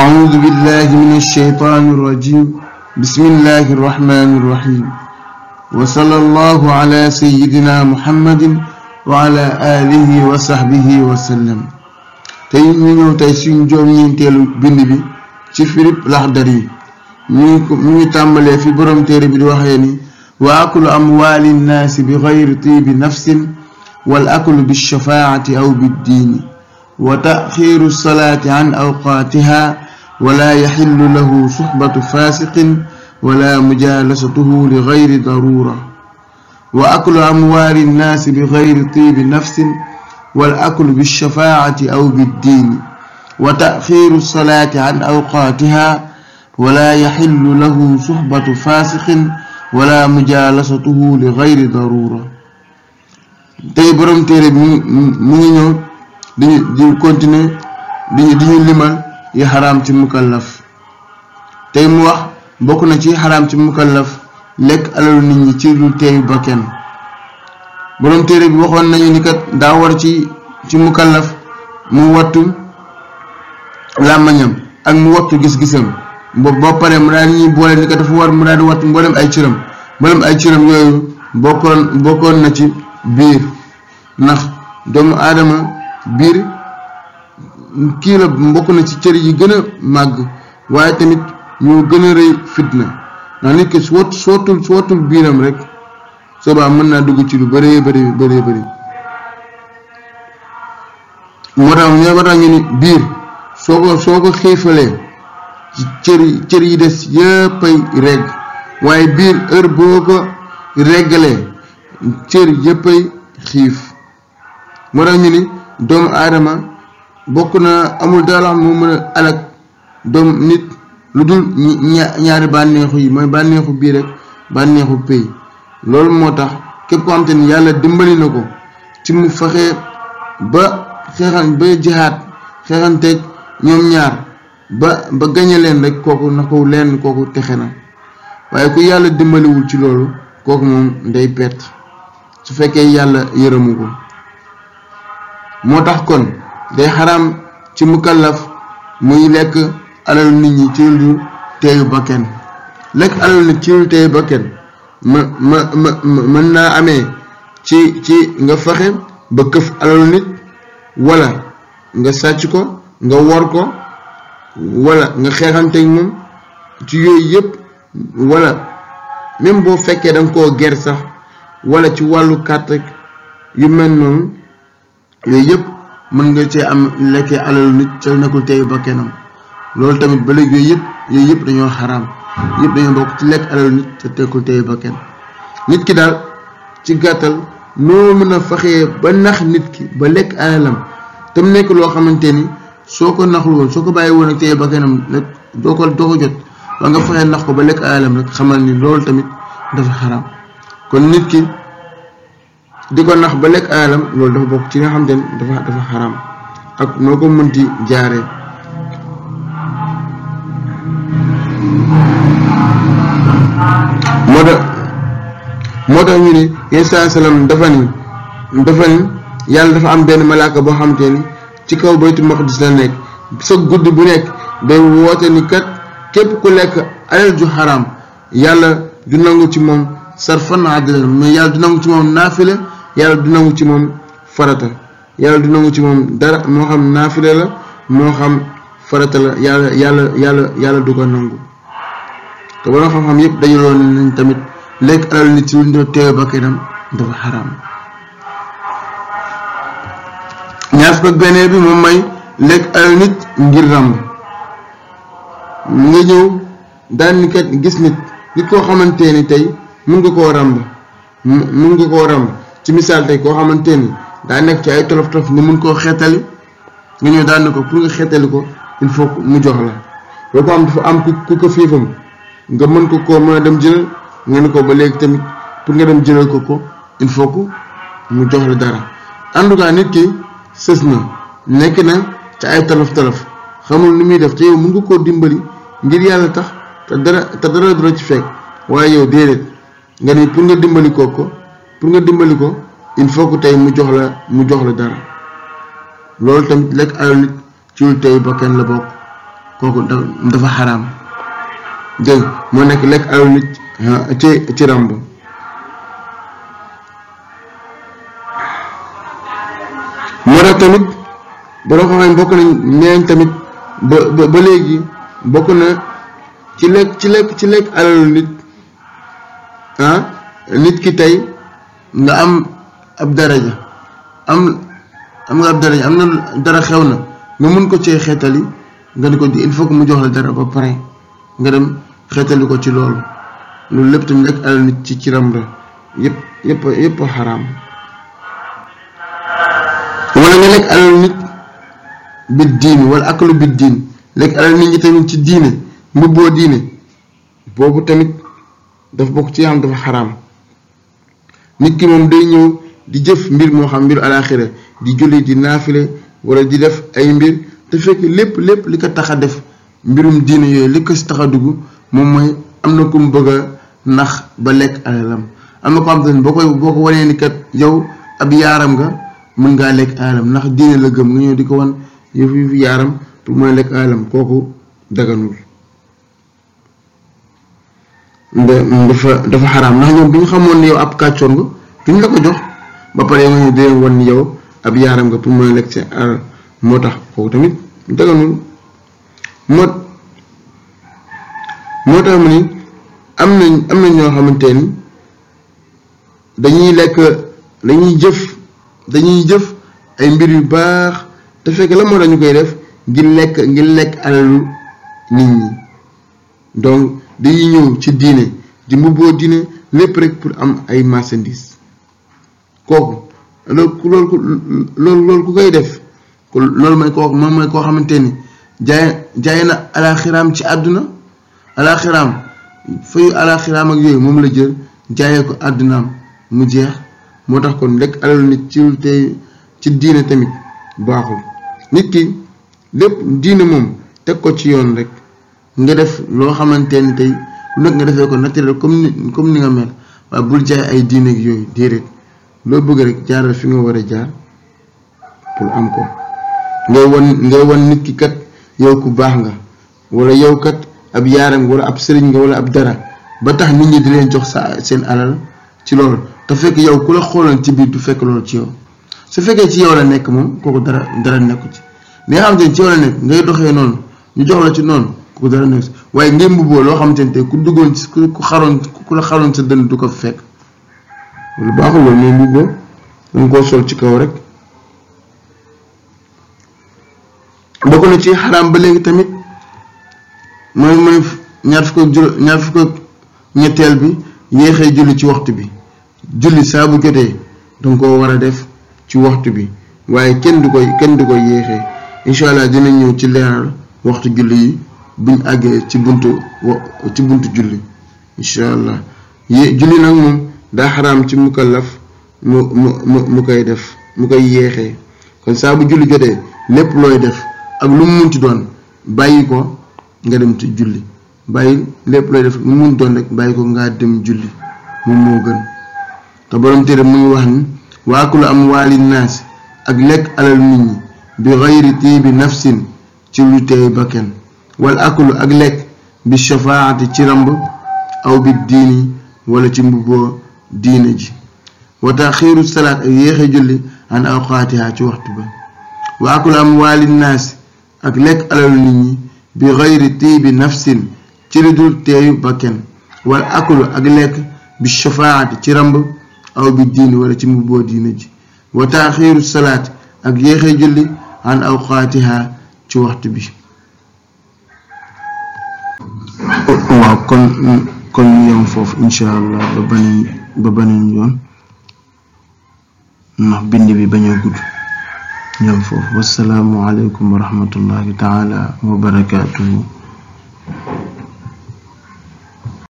أعوذ بالله من الشيطان الرجيم بسم الله الرحمن الرحيم وصلى الله على سيدنا محمد وعلى آله وصحبه وسلم tey ñu ñëw tey suñu joom ñeenteelu bind bi ci Philippe Lakhdari ñu ngi tàmbalee fi borom téere bi di waxee ni wa aklu amwaali nnaasi bi gayri tiibi nafsin wal aklu bi shafaati aw bi diini wa taxiiru salaati an awqaatiha wala yaxillu lahu suxbatu faasiqin wala mujaalasatuhu li gayri daruura wa aklu amwaali nnaasi bi gayri tiibi nafsin wal aklu bishafaacati aw biddiini wa taxiiru salaati an awqaatiha wala yaxillu lahu suxbatu faasiqin wala mujaalasatuhu li gayri daruura tey borom téere bi mu ngi ñëw diñu diñu continuer diñu diñu limal yi xaraam ci mukallaf tey mu wax bokk na ci xaram ci mukallaf lekk alalu nit ñi ci lu teey ba kenn boroom téere bi waxoon nañu ni kat daa war ci ci mukallaf mu wattu làmmañam ak mu wattu gis-gisam boobu boo pare mu daal ñuy boole ni kat dafa war mu daal di wattu mboolem ay cëram mboolem ay cëram yooyu bokkoon na ci biir ndax doomu aadama biir kii la mbokk na ci cër yi gën a màgg waaye tamit ñoo gën a rëy fitna ndax nit ki soot sootul sootul biiram rek soobaa mën naa dugg ci lu bëree bëri bëree bëri moo tax yi des yëpp ay regg boo ko reggalee cër moo tax ñu ni doomu aadama bokk na amul dara loo moo mën a alak doom nit lu dul ñaari bànneexu yi mooy bànneexu bii rek bànneexu pay loolu moo tax képp ko xam te ni yàlla dimbali na ko ci mu fexe ba xeexan ba jihaat ñoom ñaar ba ba gañe leen rek kooku na ko leen kooku texe na waaye ku yàlla dimbaliwul ci loolu kooku moom day perte su fekkee yàlla yërëmu ko moo tax kon day xaraam ci mukallaf muy lekk alalu nit ñi ci lu teeyu bakken lekk alalu nit ci lu teeyu bakken ma ma ma mën naa ame ci ci nga fexe ba këf alalu nit wala nga sàcc ko nga wor ko wala nga xeexanteeg moom ci yooyu yépp wala même boo fekkee danga ko ger sax wala ci wàllu kàtt yu mel noonu yooyu yëpp mën nga cee am lekkee alalu nit ca nekkul teeyu bakkenam loolu tamit ba léegi yooyu yëpp yooyu yëpp dañoo xaram yëpp dañoo bokk ci lekk alalu nit ca nekkul teeyu bakken nit ki daal ci gàttal noo mën a faxee ba nax nit ki ba lekk alalam te mu nekk loo xamante ni soo ko naxul woon soo ko bàyyi woon ak ba bakkenam nag doo ko doo jot ba nga faxee nax ko ba lekk alalam rek xamal ni loolu tamit dafa xaraam kon nit ki di ko nax ba lekk alalam loolu dafa bokk ci nga xam ne dafa dafa xaram ak noo ko mënti jaaree. moo tax moo tax ni ne Isa salaam dafa ni dafa ni yàlla dafa am benn malaaka boo xam te ni ci kaw baytu maqdis la nekk sa guddi bu nekk day woote ni kat képp ku lekk alal ju xaram yàlla du nangu ci moom sarfan adlan mais yàlla du nangu ci moom naafile yàlla du nangu ci moom farata yàlla du nangu ci moom dara moo xam naafile la moo xam farata la yàlla yàlla yàlla yàlla du ko nangu te borom xam-xam yëpp dañu loon tamit lekk alal nit ci lu ñu teewe bakkanam dafa xaraam ñaar fukk ak bi moom may lekk alal nit ngir ràmb mu nga ñëw daan ni gis nit nit koo xamante ni tey mun nga koo ràmb mun nga koo ràmb ci misaal tey koo xamante ni daa nekk ci ay tolof tolof ni mun koo xeetali nga ñëw daan ne ko pour nga xeetali ko il mu jox la boo ko am dafa am ku ko fiifam nga mën ko koo mën a dem jëlal nga ne ko ba léegi tamit pour nga dem jëlal ko ko il faut que mu jox la dara en nit ki sës na nekk na ci ay tolof tolof xamul ni muy def te yow mun nga koo dimbali ngir yàlla tax te dara te dara dara ci fekk waaye yow déedéet nga ne pour nga dimbali ko pour nga dimbali ko il faut que tey mu jox la mu jox la dara loolu tamit lekk alal nit ci lu tey ba kenn la bokk kooku dafa xaraam dégg moo nekk lekk alal nit ah, ci ci ràmb moo tax tamit borom xam-xam bokk nañ neen tamit ba ba léegi bokk na ci lekk ci lekk ci lekk alal nit ah, nit ki tey nga am ab daraja am am nga ab am na dara xew na nga mën ko cee xeetali nga ne ko di il faut que mu jox la dara ba pare nga dem xeetali ko ci loolu loolu lépp tamit ak alal nit ci ciram la yëpp yëpp yëpp xaraam wala diin wala akalu bi diin lekk alal ci diine mbubboo diine boobu tamit daf bokk ci am dafa xaram nit ki moom day ñëw di jëf mbir moo xam mbir alaaxira di julli di naafile wala di def ay mbir te fekk lépp lépp li ko tax a def mbirum diine yooyu li ko si tax a dugg moom mooy am na ku mu bëgg a nax ba lekk alalam am na ko am tamit boo koy boo ko wanee ni kat yow ab yaaram nga mën ngaa lekk alalam ndax diine la gëm nga ñëw di ko wan yëfu yaaram pour mën lekk alalam kooku daganul dafa dafa xaram ndax ñoom bi ñu xamoon ne ab kàccoon nga duñ la ko jox ba pare yow ñu dee woon ni ab yaaram nga pour mën a lekk ci ar moo tax kooku tamit daganul moo moo tax mu ni am nañ am nañ ñoo xamante ni dañuy lekk dañuy jëf dañuy jëf ay mbir yu baax te fekk la moo tax ñu koy def ngir lekk ngir lekk alalu nit ñi dañuy ñëw ci diine di mbubboo diine lépp rek pour am ay marchandises kooku loolu loolu loolu ku koy def loolu mooy koo moom mooy koo xamante ni jaay jaay na alaxiraam ci àdduna alaxiraam fayu alaxiraam ak yooyu moom la jël jaayee ko àddunaam mu jeex moo tax kon lekk alalu nit ci tey ci diine tamit baaxul nit ki lépp diine moom teg ko ci yoon rek. nga def loo xamante ni tey lu nekk nga defee ko naturel comme ni comme ni nga mel waaye bul jaay ay diine yooyu déedéet loo bëgg rek jaaral fi nga war a jaar pour am ko ngay wan ngay nit ki kat yow ku baax nga wala yow kat ab yaaram wala ab sëriñ nga wala ab dara ba tax nit ñi di leen jox sa seen alal ci loolu te fekk yow ku la xooloon ci biir du fekk loolu ci yow su fekkee ci yow la nekk moom kooku dara dara nekku ci li nga xamante ni ci yow la doxee noonu ñu jox la ci noonu. ku dara nekk waaye ngémb boo loo xamante ne ku duggoon ci ku xaroon ku la xaroon sa dënn du ko fekk loolu baaxul loolu mooy mbubboo danga koo sol ci kaw rek bokk na ci xaraam ba léegi tamit mooy mooy ñaar fukk ak juróom ñaar fukk ak ñetteel bi yéexee julli ci waxtu bi julli saa bu jotee danga koo war a def ci waxtu bi waaye kenn du koy kenn du ko yéexee incha allah dinañ ñëw ci leeral waxtu julli yi buñ àggee ci buntu wa ci buntu julli incha allah yé julli nag moom daa xaraam ci mukallaf mu mu mu mu koy def mu koy yéexee kon saa bu julli jotee lépp looy def ak lu mu munti doon bàyyi ko nga dem ci julli bàyyi lépp looy def lu mu rek bàyyi ko nga dem julli moom moo gën te borom téere mu ngi wax ni waakulu am waali naas ak lekk alal nit ñi bi xayri tiibi nafsin ci lu ba kenn wal akulu ak lekk bi shafaati ci ramb aw bi diini wala ci mbubboo diine ji wa taxiiru salaat ak yéexe julli an awqaatiha ci waxtu ba wa akulu amwaali naas ak lekk alalu nit ñi bi xayri tiibi nafsin ci lu dul teeyu bakken wal akulu ak lekk bi shafaati ci ramb aw bi diini wala ci mbubboo diine ji wa taxiiru salaat ak yéexe julli an awqaatiha ci waxtu bi waaw kon kon ñu yem allah ba yoon ndax bind bi bañ a gudd ñu yem foofu wasalaamualeykum wa